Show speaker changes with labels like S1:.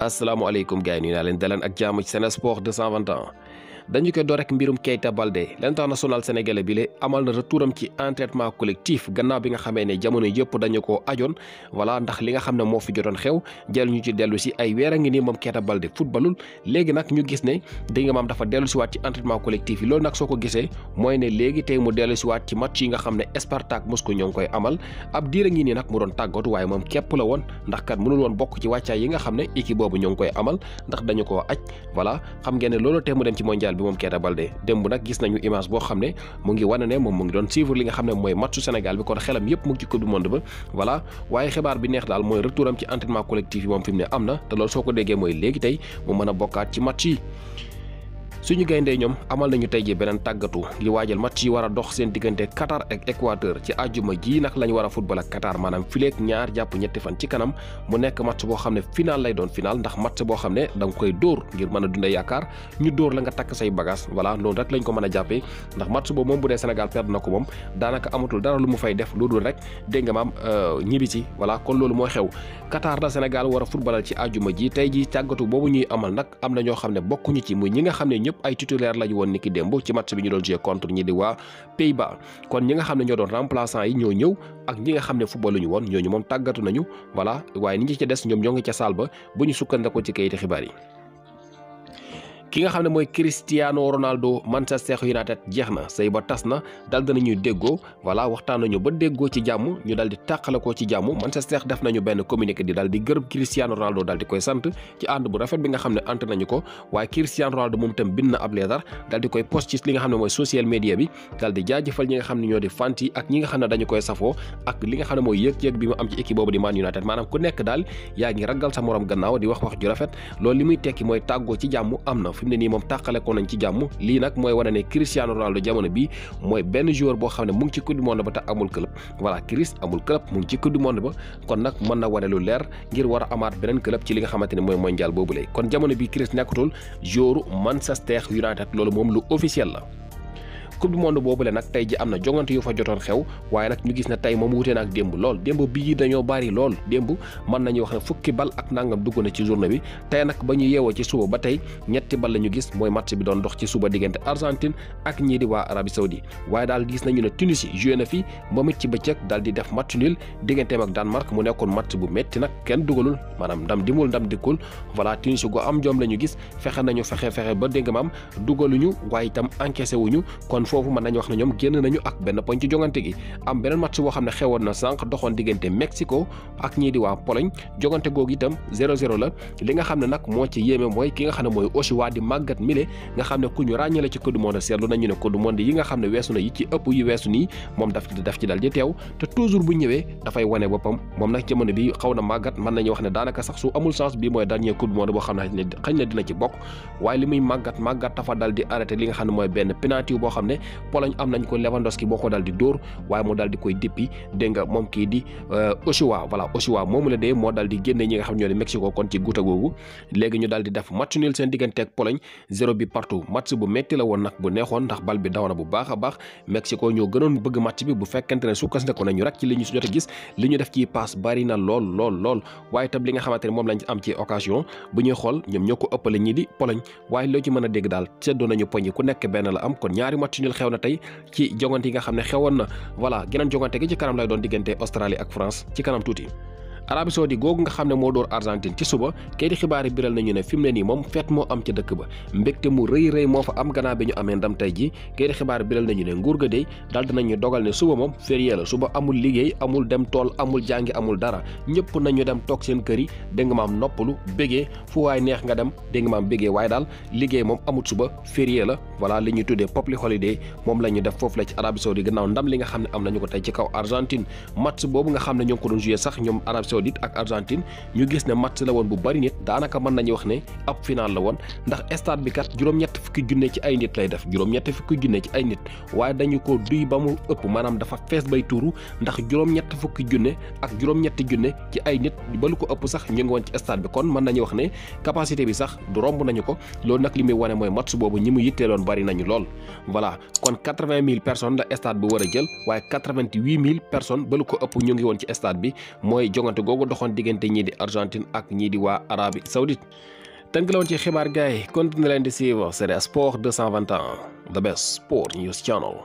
S1: asalaamaaleykum gars yi nuyu naa leen daleen ak jaamu ci Sen Sports 221 dañu koy door mbirum Keita Baldé l'international sénégalais bi le amal na retouram ci entraînement collectif gannaaw bi nga xamee ne jamono yëpp dañu ko ajoon voilà ndax li nga xam ne moo fi jotoon xew jël ñu ci dellu si ay weer a ngi nii moom Keita Baldé footballul léegi nag ñu gis ne dinga maam dafa dellu si waat ci entraînement collectif yi loolu nag soo ko gisee mooy ne léegi tey mu dellu si waat ci match yi nga xam ne Spartak Moscou ñoo ngi koy amal ab diir a nag mu doon tàggatu waaye moom képp la woon ndax kat mënul woon bokk ci wàccaay yi nga xam ne équipe boobu ñoo ngi koy amal ndax dañu koo aj mondial bi moom Keita Baldé démb nag gis nañu image boo xam ne mu ngi wane ne moom mu ngi doon suivre li nga xam ne mooy matchu Sénégal bi kon xelam yëpp mu ngi ci coupe monde ba voilà waaye xibaar bi neex daal mooy retour am ci entraînement collectif yi moom fi ne am na te loolu soo ko déggee mooy léegi tey mu mën a bokkaat ci match yi suñu gayndee ñoom amal nañu tey ji beneen tàggatu li waajal match yi war a dox seen diggante Qatar ak Équateur ci àjjuma ji nag la ñu war a football ak Qatar maanaam fileek ñaar jàpp ñetti fan ci kanam mu nekk match boo xam ne final lay doon final ndax match boo xam ne da koy dóor ngir mën a dundee yaakaar ñu dóor la nga takk say bagage voilà loolu rek lañ ko mën a jàppee ndax match boobu moom bu dee Sénégal perd na ko moom daanaka amatul dara lu mu fay def loolu rek dégg nga maam euh, kon loolu mooy xew Qatar la Sénégal war a footballal ci ji tey ji tàggatu boobu ñuy amal nag am na ñoo xam ne bokkuñu ci muy ñi nga xam ne ñëpp ay titulaire lañu woon niki démb ci match bi ñu doon joué contre ñi di waa Pays-Bas kon ñi nga xam ne ñoo doon remplaçant yi ñoo ñëw ak ñi nga xam ne football ñu woon ñooñu moom tàggatu nañu wala waaye ni ñi ci des ñoom ñoo ngi ca saal ba bu ñu sukkandiku ci kayiti xibaar yi ki nga xamne moy Cristiano Ronaldo Manchester United jeexna sey ba tasna dal dana ñu deggo wala waxtaan nañu ba deggo ci jamm ñu dal di takalako ci jamm Manchester def nañu ben communiqué di dal di gërëm Cristiano Ronaldo dal di koy sante ci and bu rafet bi nga xamne ant nañu ko waaye Cristiano Ronaldo mum tam bin na ab leetar dal di koy post ci li nga xamne moy social media bi dal di jaajeufal ñi nga xamne ñoo di fanti ak ñi nga xamne dañu koy safo ak li nga xamne moy yek yek bi mu am ci équipe bobu di Man United manam ku nekk dal yaangi ragal sa morom gannaaw di wax wax ju rafet lool limuy tekki moy taggo ci jamm amna ne nii moom tàqale ko nañ ci jàmm lii nag mooy wane ne Cristiano Ronaldo jamono bi mooy benn joueur boo xam ne mu ngi ci coupe du monde ba te amul club voilà Chris amul club mu ngi ci coupe du monde ba kon nag mën na wane lu leer ngir war a amaat beneen club ci li nga xamante ne mooy mondial boobu lay kon jamono bi Chris nekkatul joueur Manchester United loolu moom lu officiel la coupe du monde boobu le nag tey ji am na jongante yu fa jotoon xew waaye nag ñu gis na tey moom wutee na ak démb lool démb bii dañoo bari lool démb mën nañu wax ne fukki bal ak nangam dugg na ci journée bi tey nag ba ñu yeewoo ci suba ba tey ñetti bal la ñu gis mooy match bi doon dox ci suba diggante Argentine ak ñii di waa Arabie Saoudi waaye daal gis nañu ne Tunisie joué na fi moom it ci bëccëg daal di def match nul digganteem ak Danemark mu nekkoon match bu métti nag kenn dugalul maanaam ndam dimul ndam dikkul voilà Tunisie gu am jom la ñu gis fexe nañu fexe fexe ba dégg maam dugaluñu waaye itam encaissé wuñu kon foofu mën nañu wax ne ñoom génn nañu ak benn poñ ci jongante gi am beneen match boo xam ne xewoon na sànq doxoon diggante Mexico ak ñii di waa Pologne jongante googu itam 0-0 la li nga xam ne nag moo ci yéeme mooy ki nga xam ne mooy Ochoa di màggat mile nga xam ne ku ñu ràññale ci Coupe du Monde seetlu nañu ne Coupe du Monde yi nga xam ne weesu na yi ci ëpp yi weesu nii moom daf daf ci dal di teew te toujours bu ñëwee dafay wane boppam moom nag jamono bi xaw na màggat mën nañu wax ne daa daanaka sax su amul chance bi mooy dernier coupe du monde boo xam ne xëy na dina ci bokk waaye li muy màggat màggat dafa dal di li nga xam ne mooy benn penalty boo xam ne Pologne am nañ ko Lewandowski boo ko dal di dóor waaye mu dal koy dippi dégg moom kii di euh, Ochoa voilà Ochoa moomu la dee moo dal génne ñi nga xam ñoo di Mexico kon ci guuta googu léegi ñu dal def match bu metti la woon nag bu neexoon ndax bal bi daw na bu baax a baax Mexico ñoo gënoon bëgg match bi ne sukkas ne ko nañu rek ci li ñu li ñu def ci passe na lool lool lool nga xamante ne moom lañ am ci occasion bu ñuy xool ñoom ñoo ko ëppale ñi di Pologne waaye loo ci mën a dégg daal seddoo nañu poñ yi ku nekk benn la am kon ñaari match nul xew na tey ci jongante yi nga xam ne xewoon na voilà geneen jongante gi ci kanam lay doon diggante Australie ak France ci kanam tuuti Arabie Saoudi googu nga xam ne moo dóor Argentine ci suba kayit xibaar yi biral nañu ne fi mu ne nii moom fet moo am ci dëkk ba mbégte mu rëy rëy moo fa am gannaaw bi ñu amee ndam tey ji kayit xibaar biral nañu ne nguur ga dey dal dinañu dogal ne suba moom férié la suba amul liggéey amul dem tool amul jàngi amul dara ñëpp nañu dem toog seen kër yi dégg nga noppalu bégee fu waay neex dem dégg nga maam bégee waaye daal liggéey moom amut suba férié la voilà li ñuy tuddee public holiday moom la ñu def foofu la ci Arabie Saoudi gannaaw li nga xam ne am nañu ko tey ci kaw Argentine match boobu nga xam ne ñoo ko doon joué sax ñoom Arabie Saudite ak argentine ñu gis ne match la won bu bari nit daanaka man nañ wax ne ab final la won ndax stade bi kat juroom ñett fukki junne ci ay nit lay def juroom ñett fukki junne ci ay nit waye dañu ko duy ba mu ëpp manam dafa fess bay touru ndax juroom ñett fukki ak juroom ñett junne ci ay nit ba lu ko ëpp sax ñu ngi won ci stade bi kon man nañ wax ne capacité bi sax du romb nañ ko loolu nak limi muy moy match bobu ñi mu lon bari nañ lool voilà kon 80000 personnes la stade bi wara jël waye 88000 personnes ba lu ko ëpp ñu ngi won ci stade bi moy jongante googu doxoon diggante ñii di Argentine ak ñii di waa Arabie Saoudite tënk la ci xibaar gaay yi continuer leen di suivre c'est le sport 221 the best sport news channel